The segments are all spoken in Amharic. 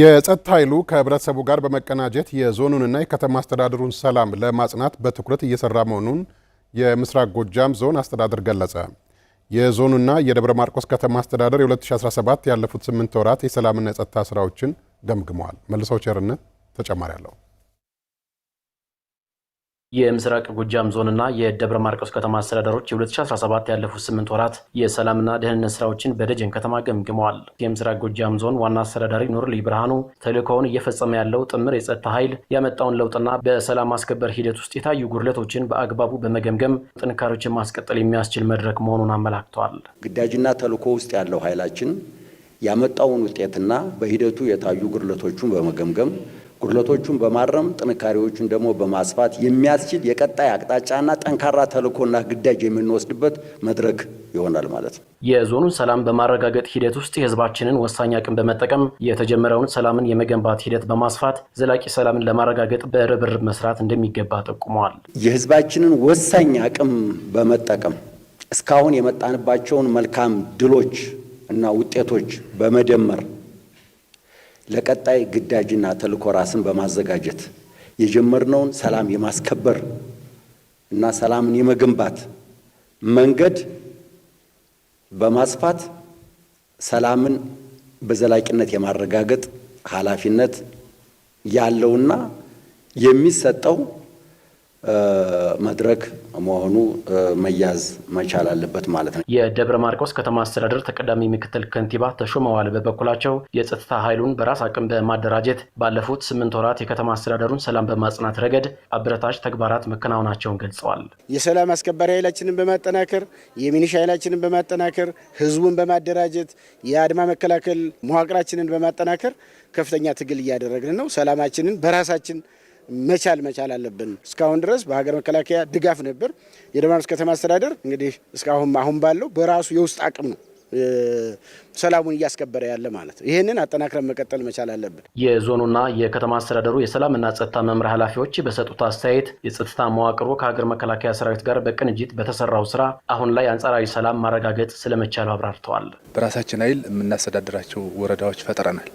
የጸጥታ ኃይሉ ከህብረተሰቡ ጋር በመቀናጀት የዞኑንና የከተማ አስተዳደሩን ሰላም ለማጽናት በትኩረት እየሰራ መሆኑን የምስራቅ ጎጃም ዞን አስተዳደር ገለጸ። የዞኑና የደብረ ማርቆስ ከተማ አስተዳደር የ2017 ያለፉት ስምንት ወራት የሰላምና የጸጥታ ስራዎችን ገምግመዋል። መልሰው ቸርነት ተጨማሪ አለው። የምስራቅ ጎጃም ዞንና የደብረ ማርቆስ ከተማ አስተዳደሮች የ2017 ያለፉት ስምንት ወራት የሰላምና ደህንነት ስራዎችን በደጀን ከተማ ገምግመዋል። የምስራቅ ጎጃም ዞን ዋና አስተዳዳሪ ኑርሊ ብርሃኑ ተልእኮውን እየፈጸመ ያለው ጥምር የጸጥታ ኃይል ያመጣውን ለውጥና በሰላም ማስከበር ሂደት ውስጥ የታዩ ጉድለቶችን በአግባቡ በመገምገም ጥንካሬዎችን ማስቀጠል የሚያስችል መድረክ መሆኑን አመላክተዋል። ግዳጅና ተልእኮ ውስጥ ያለው ኃይላችን ያመጣውን ውጤትና በሂደቱ የታዩ ጉድለቶቹን በመገምገም ጉድለቶቹን በማረም ጥንካሬዎቹን ደግሞ በማስፋት የሚያስችል የቀጣይ አቅጣጫና ጠንካራ ተልእኮና ግዳጅ የምንወስድበት መድረክ ይሆናል ማለት ነው። የዞኑን ሰላም በማረጋገጥ ሂደት ውስጥ የህዝባችንን ወሳኝ አቅም በመጠቀም የተጀመረውን ሰላምን የመገንባት ሂደት በማስፋት ዘላቂ ሰላምን ለማረጋገጥ በርብርብ መስራት እንደሚገባ ጠቁመዋል። የህዝባችንን ወሳኝ አቅም በመጠቀም እስካሁን የመጣንባቸውን መልካም ድሎች እና ውጤቶች በመደመር ለቀጣይ ግዳጅና ተልእኮ ራስን በማዘጋጀት የጀመርነውን ሰላም የማስከበር እና ሰላምን የመገንባት መንገድ በማስፋት ሰላምን በዘላቂነት የማረጋገጥ ኃላፊነት ያለውና የሚሰጠው መድረክ መሆኑ መያዝ መቻል አለበት ማለት ነው። የደብረ ማርቆስ ከተማ አስተዳደር ተቀዳሚ ምክትል ከንቲባ ተሾመዋል በበኩላቸው የጸጥታ ኃይሉን በራስ አቅም በማደራጀት ባለፉት ስምንት ወራት የከተማ አስተዳደሩን ሰላም በማጽናት ረገድ አበረታች ተግባራት መከናወናቸውን ገልጸዋል። የሰላም አስከባሪ ኃይላችንን በማጠናከር የሚኒሽ ኃይላችንን በማጠናከር ህዝቡን በማደራጀት የአድማ መከላከል መዋቅራችንን በማጠናከር ከፍተኛ ትግል እያደረግን ነው። ሰላማችንን በራሳችን መቻል መቻል አለብን። እስካሁን ድረስ በሀገር መከላከያ ድጋፍ ነበር። የደማርስ ከተማ አስተዳደር እንግዲህ እስካሁን አሁን ባለው በራሱ የውስጥ አቅም ነው ሰላሙን እያስከበረ ያለ ማለት ነው። ይህንን አጠናክረን መቀጠል መቻል አለብን። የዞኑና የከተማ አስተዳደሩ የሰላምና ጸጥታ መምሪያ ኃላፊዎች በሰጡት አስተያየት የጸጥታ መዋቅሩ ከሀገር መከላከያ ሰራዊት ጋር በቅንጅት በተሰራው ስራ አሁን ላይ አንጻራዊ ሰላም ማረጋገጥ ስለመቻሉ አብራርተዋል። በራሳችን ኃይል የምናስተዳድራቸው ወረዳዎች ፈጥረናል።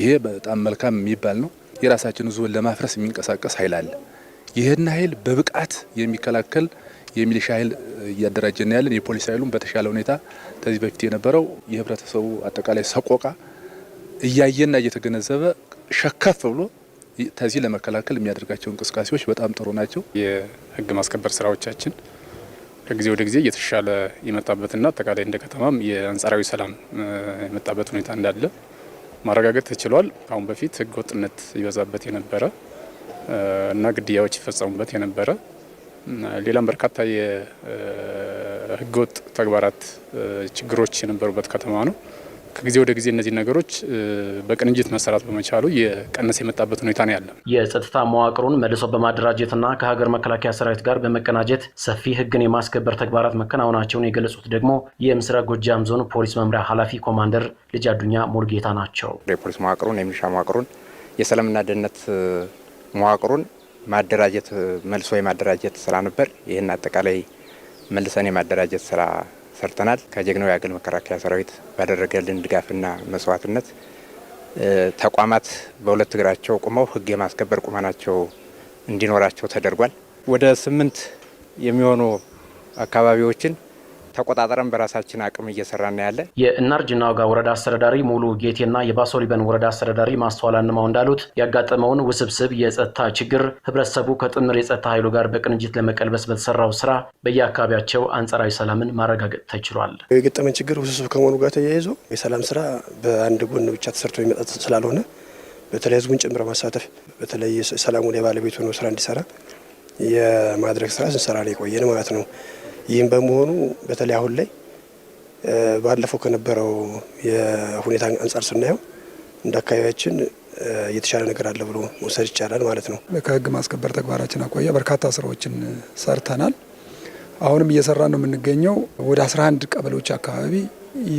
ይሄ በጣም መልካም የሚባል ነው። የራሳችን ዙን ለማፍረስ የሚንቀሳቀስ ኃይል አለ። ይህን ኃይል በብቃት የሚከላከል የሚሊሻ ኃይል እያደራጀን ያለን፣ የፖሊስ ኃይሉም በተሻለ ሁኔታ ከዚህ በፊት የነበረው የህብረተሰቡ አጠቃላይ ሰቆቃ እያየና እየተገነዘበ ሸከፍ ብሎ ከዚህ ለመከላከል የሚያደርጋቸው እንቅስቃሴዎች በጣም ጥሩ ናቸው። የህግ ማስከበር ስራዎቻችን ከጊዜ ወደ ጊዜ እየተሻለ የመጣበትና አጠቃላይ እንደ ከተማም የአንጻራዊ ሰላም የመጣበት ሁኔታ እንዳለ ማረጋገጥ ተችሏል። ከአሁን በፊት ወጥነት ይበዛበት የነበረ እና ግድያዎች ይፈጸሙበት የነበረ ሌላም በርካታ ወጥ ተግባራት ችግሮች የነበሩበት ከተማ ነው። ከጊዜ ወደ ጊዜ እነዚህ ነገሮች በቅንጅት መሰራት በመቻሉ የቀነሰ የመጣበት ሁኔታ ነው ያለ። የጸጥታ መዋቅሩን መልሶ በማደራጀትና ከሀገር መከላከያ ሰራዊት ጋር በመቀናጀት ሰፊ ህግን የማስከበር ተግባራት መከናወናቸውን የገለጹት ደግሞ የምስራቅ ጎጃም ዞን ፖሊስ መምሪያ ኃላፊ ኮማንደር ልጅ አዱኛ ሞልጌታ ናቸው። የፖሊስ መዋቅሩን፣ የሚሊሻ መዋቅሩን፣ የሰላምና ደህንነት መዋቅሩን ማደራጀት መልሶ የማደራጀት ስራ ነበር። ይህን አጠቃላይ መልሰን የማደራጀት ስራ ሰርተናል። ከጀግናው የአገል መከላከያ ሰራዊት ባደረገልን ድጋፍና መስዋዕትነት ተቋማት በሁለት እግራቸው ቁመው ህግ የማስከበር ቁመናቸው እንዲኖራቸው ተደርጓል። ወደ ስምንት የሚሆኑ አካባቢዎችን ተቆጣጠረን በራሳችን አቅም እየሰራን ያለን። የእናርጅና ዋጋ ወረዳ አስተዳዳሪ ሙሉ ጌቴና የባሶ ሊበን ወረዳ አስተዳዳሪ ማስተዋል አንማው እንዳሉት ያጋጠመውን ውስብስብ የጸጥታ ችግር ህብረተሰቡ ከጥምር የጸጥታ ኃይሉ ጋር በቅንጅት ለመቀልበስ በተሰራው ስራ በየአካባቢያቸው አንጸራዊ ሰላምን ማረጋገጥ ተችሏል። የገጠመን ችግር ውስብስብ ከመሆኑ ጋር ተያይዞ የሰላም ስራ በአንድ ጎን ብቻ ተሰርቶ የሚመጣ ስላልሆነ በተለይ ህዝቡን ጭምር ማሳተፍ በተለይ ሰላሙን የባለቤቱ ነው ስራ እንዲሰራ የማድረግ ስራ ስንሰራ ላይ ቆየን ማለት ነው። ይህም በመሆኑ በተለይ አሁን ላይ ባለፈው ከነበረው የሁኔታ አንጻር ስናየው እንደ አካባቢያችን የተሻለ ነገር አለ ብሎ መውሰድ ይቻላል ማለት ነው። ከህግ ማስከበር ተግባራችን አኳያ በርካታ ስራዎችን ሰርተናል። አሁንም እየሰራ ነው የምንገኘው። ወደ 11 ቀበሌዎች አካባቢ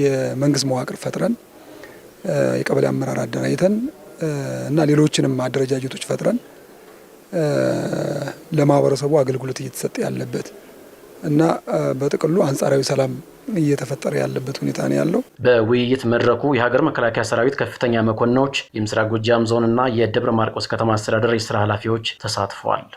የመንግስት መዋቅር ፈጥረን የቀበሌ አመራር አደራጅተን እና ሌሎችንም አደረጃጀቶች ፈጥረን ለማህበረሰቡ አገልግሎት እየተሰጠ ያለበት እና በጥቅሉ አንጻራዊ ሰላም እየተፈጠረ ያለበት ሁኔታ ነው ያለው። በውይይት መድረኩ የሀገር መከላከያ ሰራዊት ከፍተኛ መኮንኖች፣ የምስራቅ ጎጃም እና የደብረ ማርቆስ ከተማ አስተዳደር የስራ ኃላፊዎች ተሳትፈዋል።